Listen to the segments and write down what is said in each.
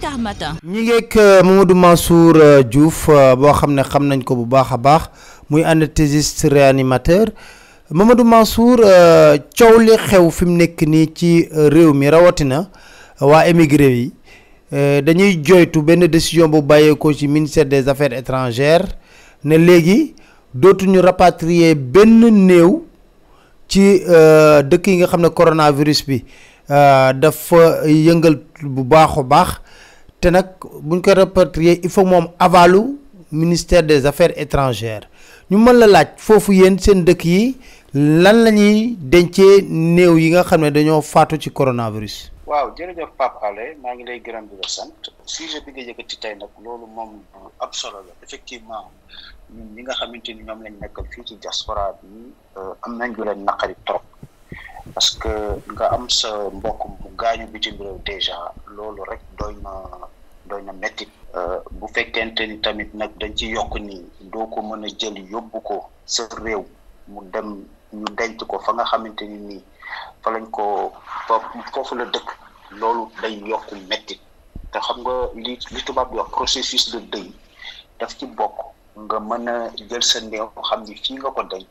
Dakar Matin. ñi ngeeg euh, Mamadou Mansour euh, Diouf euh, boo xam ne xam nañ ko bu baax a baax muy anesthésiste réanimateur Mamadou Mansour coow li xew fi mu nekk nii ci réew mi rawatina waa émigré yi dañuy joytu benn décision bu bàyyeekoo ci ministère des affaires étrangères ne léegi dootuñu rapatrier benn néew ci dëkk yi nga xam ne coronavirus bi dafa yëngal bu baax a baax. te nag bu ko rapatrier il faut mom avalou ministère des affaires étrangères ñu mën la laaj fofu yeen seen dëkk yi lan lañuy ñuy dencee yi nga xamné dañoo faatu ci coronavirus. waaw jërëjëf Pape Alé maa ngi lay gërëm di la sant je bi nga yëkkati tey nag loolu moom ab solo la effectivement ñun ñi nga xamante ni ñoom lañ nekkal fii ci diaspora bi euh, am nañ lu leen naqari trop. parce que nga am sa mbokk bu gaañu bitim réew déjà loolu rek. doy na doy na euh, bu fekkente ni tamit nag dañ ci yokk ni doo ko mën a jël yóbbu ko sa réew mu dem ñu denc ko fa nga xamante ni nii fa lañ ko foofu la dëkk loolu dañ yokk métti te xam nga li li tubaab di wax processus de deuil daf ci bokk nga mën a jël sa néew xam ni fii nga ko denc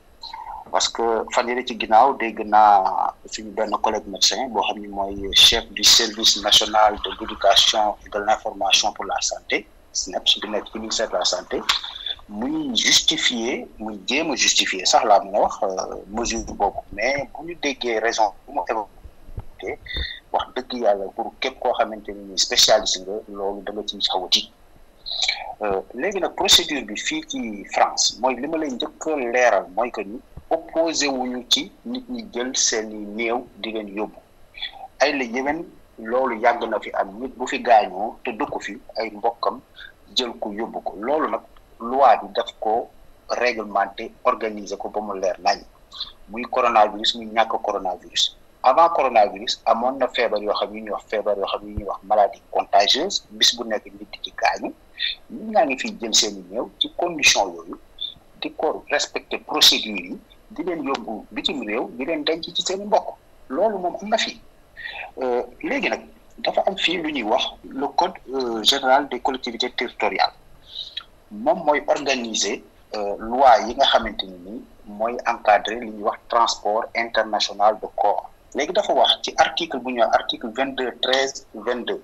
parce que fan ci ginnaaw dégg naa suñu benn collègue médecin boo xam ni mooy chef du service national de l'éducation et de l'information pour la santé SNEIPS e bi nekk ci ministère de la santé muy justifier muy jéem a justifier sax laa mën a wax euh, mesure boobu mais bu ñu déggee raison bu mu évoqué wax dëgg yàlla pour képp koo xamante ni spécialiste nga loolu da nga ciy xaw a tiit euh, léegi nag procédure bi fii ci France mooy li ma lay njëkk leeral mooy que ni. opposé wuñu ci nit ñi jël seeni néew di leen yóbbu ay la yéwén loolu yàgg na fi am nit bu fi gaañoo te dëkku fi ay mbokkam jël ko yóbbu ko loolu nag loi bi daf ko réglementé organiser ko ba mu leer nañ muy coronavirus muy ñàkk coronavirus avant coronavirus amoon na feebar yoo xam yu ñuy wax feebar yoo xam yu ñuy wax maladie contagieuse bis bu nekk nit ci gaañu nit ñaa ngi fi jël seeni néew ci condition yooyu di ko respecté procédure yi di leen yóbbu bitim réew di leen denc ci seen mbokk loolu moom am na fi euh, léegi nag dafa am fii lu ñuy wax le code euh, général des collectivités territoriales moom mooy organiser euh, loi yi nga xamante ni nii mooy encadrer li ñuy wax transport international de corps léegi dafa wax ci article bu ñuy article 22 13 22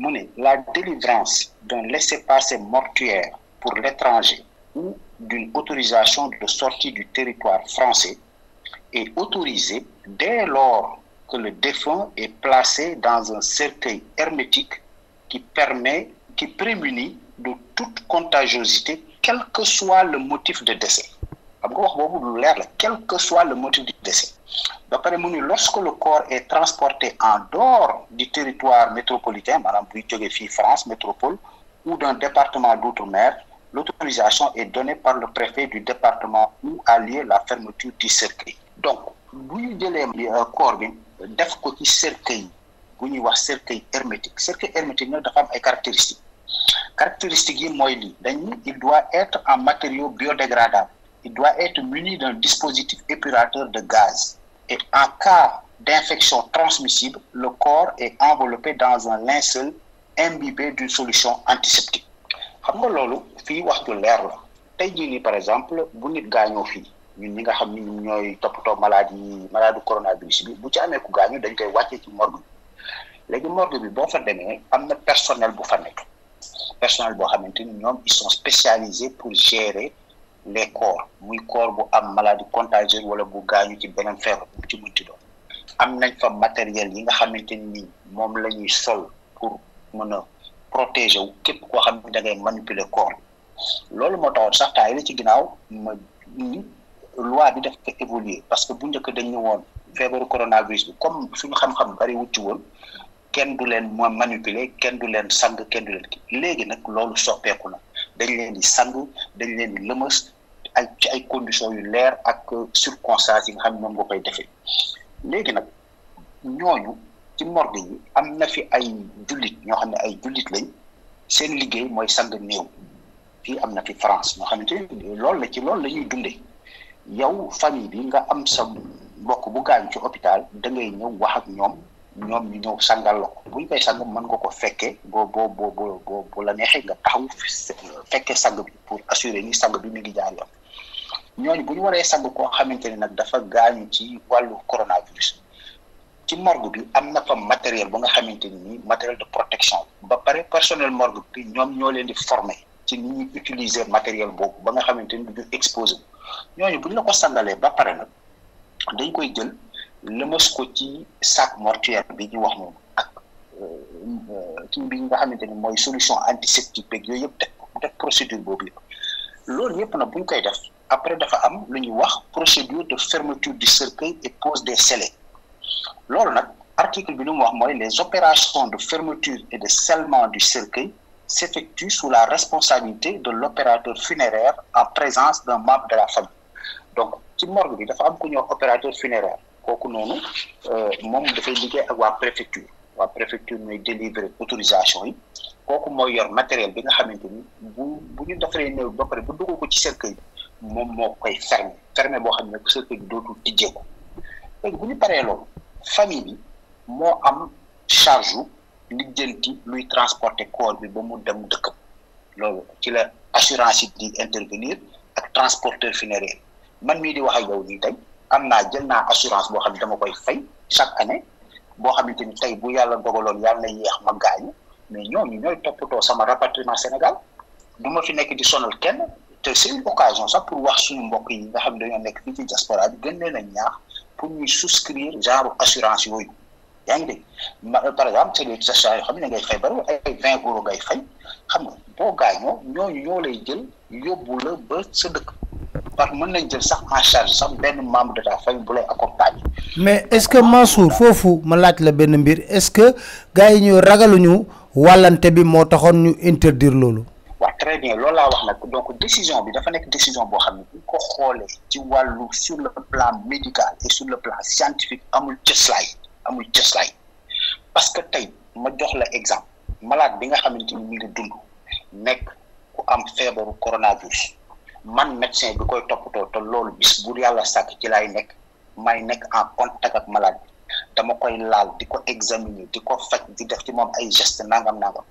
mu ne la délivrance d'un laissez-passer mortuaire pour l'étranger ou d'une autorisation de sortie du territoire français est autorisée dès lors que le défunt est placé dans un cercueil hermétique qui permet, qui prémunit de toute contagiosité, quel que soit le motif de décès. Quel que soit le motif du décès. lorsque le corps est transporté en dehors du territoire métropolitain, Madame France, métropole, ou d'un département d'outre-mer, l'autorisation est donnée par le préfet du département où a lieu la fermeture du cercueil. donc le euh, corps cercueil hermétique. cercueil hermétique cercueil hermétique est caractéristique. des caractéristiques il doit être en matériau biodégradable il doit être muni d'un dispositif épurateur de gaz et en cas d'infection transmissible le corps est enveloppé dans un linceul imbibé d'une solution antiseptique xam nga loolu fii wax ju leer la tey jii nii par exemple bu nit gaañoo fii ñun ñi nga xam ni ñun ñooy toppatoo malade yi malade coronavirus bi bu ci amee ku gaañu dañ koy wàccee ci morgue bi léegi morgue bi boo fa demee am na personnel bu fa nekk personnel boo xamante ni ñoom ils sont spécialisés pour gérer les corps muy corps bu am maladie contagieuse wala bu gaañu ci beneen feebar bu ci munti doon am nañ fa matériel yi nga xamante ni moom la ñuy sol pour mën a protéger wu képp koo xam ne da ngay manipuler corps loolu moo taxoon sax taay la ci ginnaaw ma ni loi bi daf ko évoluer parce que bu njëkk dañu woon feebaru coronavirus bi comme suñu xam-xam bari wut ci woon kenn du leen moo manipuler kenn du leen sang kenn du leen kii léegi nag loolu soppeeku na dañ leen di sang dañ leen di lëmës ay ci ay conditions yu leer ak sur circonstances yi nga xam ne moom nga koy defee léegi nag ñooñu. ci morgue yi am na fi ay jullit ñoo xam ne ay jullit lañ seen liggéey mooy sang néew fii am na fi France ñoo xamante ne loolu la ci loolu la ñuy dundee yow famille bi nga am sa mbokk bu gaañ ci hôpital da ngay ñëw wax ak ñoom ñoom ñu ñëw sangal la ko buñ koy sang mën nga ko fekkee boo boo boo boo boo la neexee nga taxaw fekkee sang bi pour assurer ni sang bi mu ngi jaar yoon ñooñu bu ñu waree sang koo xamante ne nag dafa gaañu ci wàllu coronavirus. ci morgue bi am na fa matériel bu nga xamante ni matériel de protection ba pare personnel morgue bi ñoom ñoo leen di former ci ni ñuy utiliser matériel boobu ba nga xamante ni du exposé ñooñu bu la ko sandalee ba pare nag dañ koy jël lëmas ko ci sac mortuaire bi ñu wax noonu ak euh, kii bi nga xamante ni mooy solution antiseptique beeg yooyu yëpp def def procédure boobu yëpp loolu yëpp nag bu ñu koy def après dafa am lu ñuy wax procédure de fermeture du cercueil et pose des scellés loolu nag article bi nu mu wax mooy les opérations de fermeture et de scellement du cercueil s'effectuent sous la responsabilité de l'opérateur funéraire en présence d'un membre de la famille donc ci morgue bi dafa am ku ñëw opérateur funéraire kooku noonu euh, moom dafay liggéey ak waa préfecture waa préfecture ñooy délivrer autorisation yi kooku mooy yor matériel bi nga xamante ni bu bu ñu defaree néew ba pare bu dugg ci cercueil moom moo koy fermer fermer boo xam ne cercueil bi dootul tijjeeku léegi bu ñu paree loolu famille bi moo am charge u lijjanti luy transporté corps bi ba mu dem dëkk loolu ci la assurance yi di intervenir ak transporteur funéraire man mii di wax ak yow nii tey am naa jël naa assurance boo xam ne dama koy fay chaque année boo xamante ni tey bu yàlla dogaloon yàlla na yéex ma gaañu mais ñooñu ñooy toppatoo sama rapatriement Sénégal du ma fi nekk di sonal kenn te c'est une occasion sax pour wax suñu mbokk yi nga xam ne dañoo nekk fii ci diaspora bi gën leen a ñaax pour ñuy souscrire genre assurance yooyu yaa ngi dégg ma euh, par exemple sa des assurances yoo xam ne ngay fay bari ay vingt euros ngay fay xam nga boo gaañoo ñooñu ñoo lay jël yóbbu la ba sa dëkk parce que mën nañ jël sax en sax benn membre de ta famille bu lay accompagner. mais est-ce que Mansour foofu ma laaj la benn mbir est-ce que gars yi ñu ragaluñu wàllante bi moo taxoon ñu interdire loolu. très bien loolu laa wax nak donc décision bi dafa nek décision bo xam bu ko xolé ci walu sur le plan médical et sur le plan scientifique amul cëslaay amul cëslaay parce que tay ma jox la exemple malade bi nga xamante ni mi ngi dund nek ku am feebaru coronavirus man médecin bi koy toppatoo te loolu bis bu yalla sak ci lay nek may nek en contact ak malade dama koy laal diko examiner diko ko faj di def ci mom ay geste nangam nangam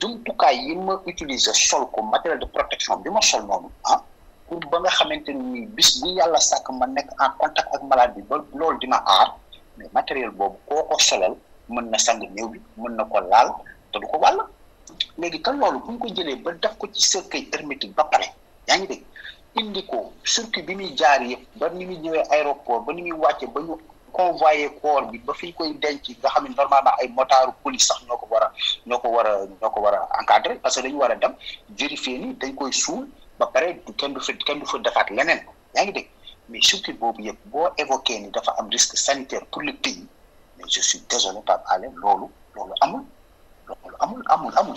jumtukaay yi ma utiliser sol ko matériel de protection bi ma sol noonu ah pour ba nga xamante ni bis bu yàlla sàkk ma nekk en contact ak malade bi ba loolu dina aar mais matériel boobu koo ko solal mën na sang ñëw bi mën na ko laal te du ko wàll léegi te loolu bu ñu ko jëlee ba def ko ci cercueil hermétique ba pare yaa ngi dégg indi ko circuit bi muy jaar yëpp ba ni muy ñëwee aéroport ba ni muy wàcce ba ñu convoyé corps bi ba ne normalement ay police a parce que dañu vérifier ni dañ koy ba kenn mais risque sanitaire pour le pays je suis désolé Pape loolu loolu amul loolu amul amul amul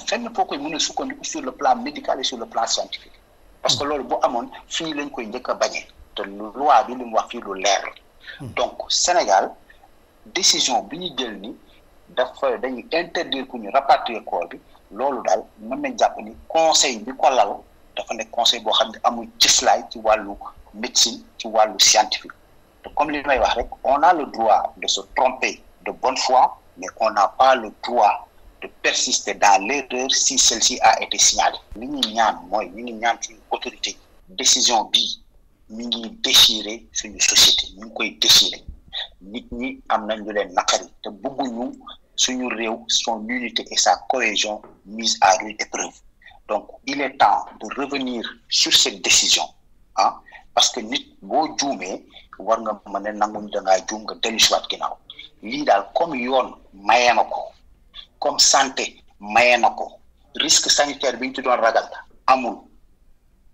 sur le plan médical et sur le plan scientifique parce que loolu bu lañ koy a te loi bi wax Hmm. donc Sénégal décision bi ñu jël ni dafa dañuy interdire ku ñu rapatrier corps bi loolu daal mën nañ jàpp ni conseil bi ko lal dafa nekk conseil boo xam ne amul cëslaay ci wàllu médecine ci wàllu scientifique comme li may wax rek on a le droit de se tromper de bonne foi mais on n'a pas le droit de persister dans l'erreur si celle-ci a été signalée li ñu ñaan mooy ñu ñaan ci autorité décision bii mi ngi déchiré suñu société ñu koy déchirer nit ñi am nañ lu leen nakari te bëgguñu suñu réew son unité et sa cohésion mise à rude épreuve donc il est temps de revenir sur cette décision hein, parce que nit boo joomé war nga mëne nangum da nga joom nga dellu siwaat ginnaaw lii comme yoon mayenako comme santé mayenako risque sanitaire bi ñu ci doon ragal amul